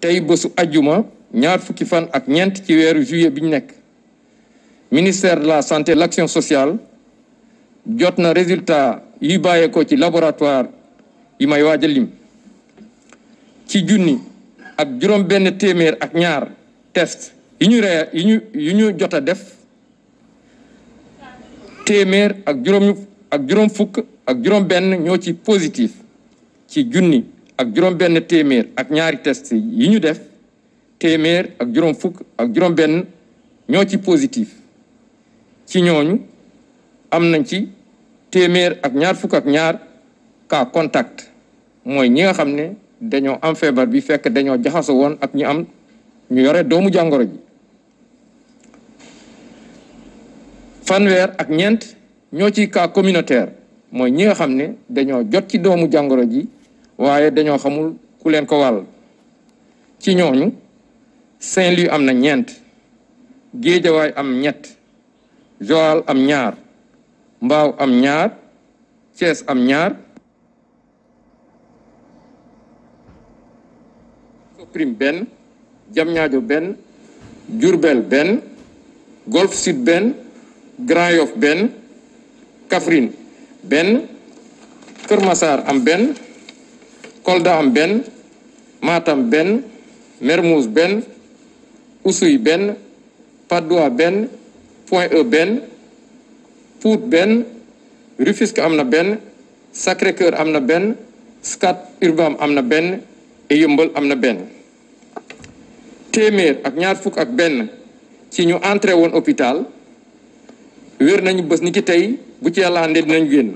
tey bësu ajjuma ñaar fukki fan ak ñeent ci weeru juillet bi ñu nekk ministère de la santé et l'action sociale jot na résultat yuy bàyyeekoo ci laboratoire yi may waaj a lim ci junni ak juróom benn téeméer ak ñaar test yi ñu ree yi ñu yi jot a def téeméer ak juróom ak juróom fukk ak juróom benn ñoo ci positif ci junni ak juróom-benn téeméer ak ñaari test yi ñu def téeméer ak juróom fukk ak juróom-benn ñoo ci positif ci ñooñu am nañ ci téeméer ak ñaar fukk ak ñaar cas contact mooy ñi nga xam ne dañoo am feebar bi fekk dañoo jaxaso woon ak ñu am ñu yore doomu jàngoro ji fanweer ak ñeent ñoo ci cas communautaire mooy ñi nga xam ne dañoo jot ci doomu jàngoro ji waaye dañoo xamul ku leen ko wàll ci ñooñu Saint-Louis am na ñeent Géejawaay am ñett Joal am ñaar Mbaaw am ñaar Thiès am ñaar Soprim benn Diamniadio benn Diourbel benn Golf Sud benn Grand Yoff benn Kaffrine benn Kër masaar am benn Kolda am benn Matam benn Mermoz benn Oussouye benn Patte benn Point E benn Pout benn Rufisque am na benn Sacré-Cœur am na benn Scat Urbam am na benn et am na benn téeméer ak ñaar fukk ak benn ci ñu entré woon hôpital wér nañu bés ni ci tey bu ci yàlla àndee dinañ génn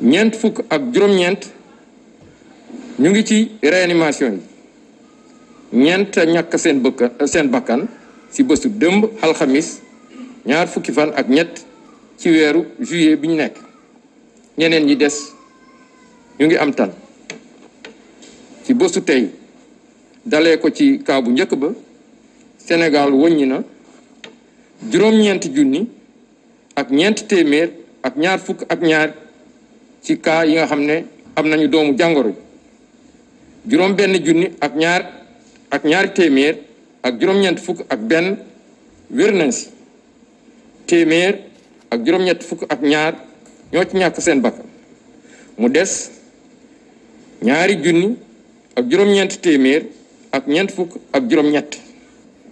ñeent fukk ak juróom-ñeent ñu ngi ci réanimation yi ñeent ñàkk seen bëkk seen bakkan ci bësu dëmb alxamis ñaar fukki fan ak ñett ci weeru juillet bi ñu nekk ñeneen ñi des ñu ngi am tan ci bésu tey dalee ko ci kaa bu njëkk ba Sénégal wëññi na juróom-ñeenti junni ak ñeenti téeméer ak ñaar fukk ak ñaar ci kaa yi nga xam ne am nañu doomu jàngoro juróom benn junni ak ñaar ak ñaari téeméer ak juróom-ñeent fukk ak benn wér nañ si téeméer ak juróom-ñett fukk ak ñaar ñoo ci ñàkk seen bakkan mu des ñaari junni ak juróom-ñeent téeméer ak ñeent fukk ak juróom-ñett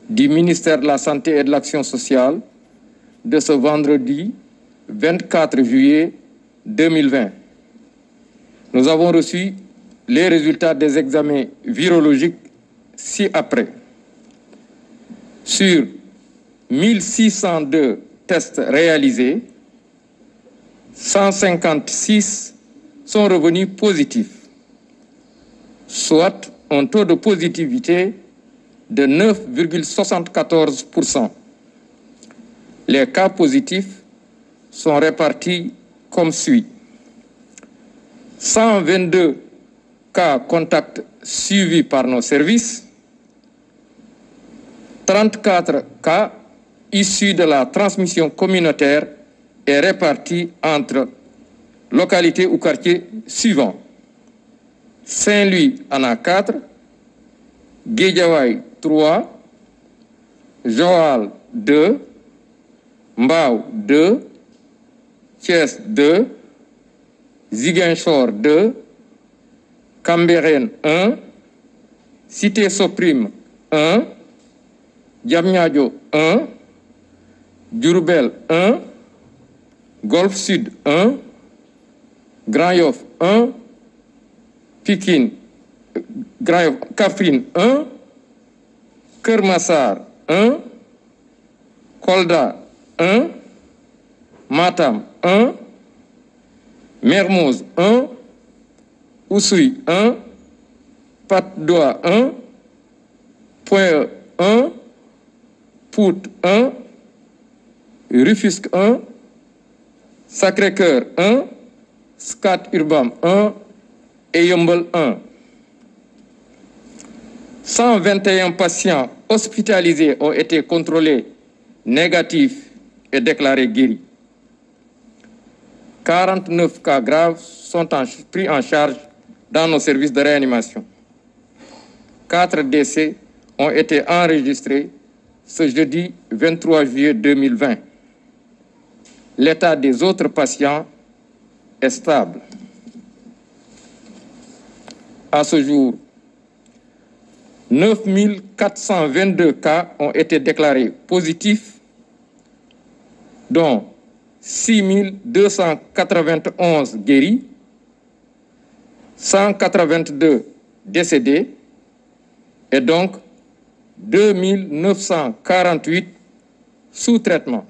du ministère de la santé et de l'action sociale de ce vendredi 24 juillet 2020 nous avons reçu les résultats des examens virologiques ci-après. Sur 1602 tests réalisés, 156 sont revenus positifs, soit un taux de positivité de 9,74%. Les cas positifs sont répartis comme suit. 122 cas contact suivis par nos services, 34 cas issus de la transmission communautaire et répartis entre localité ou quartiers suivants. Saint-Louis en a 4, Guédiawaye 3, Joal 2, Mbao 2, Thiès 2, Ziguinchor 2, Cambérène 1 Cité Soprim 1 Diamniadio Golf Sud 1 Grand Yoff 1 Kolda Matam Mermoz Oussouye 1 Patte d'Oie 1 Point E 1 Pout 1 Rufisque 1 Sacré-Cœur 1 Scat Urbam 1 et Yeumbeul 1 121 patients hospitalisés ont été contrôlés négatifs et déclarés guéris. 49 cas graves sont pris en charge dans nos services de réanimation. Quatre décès ont été enregistrés ce jeudi 23 juillet 2020. L'état des autres patients est stable. À ce jour, 9 422 cas ont été déclarés positifs, dont 6 291 guéris, cent deux décédés et donc 2948 sous traitement.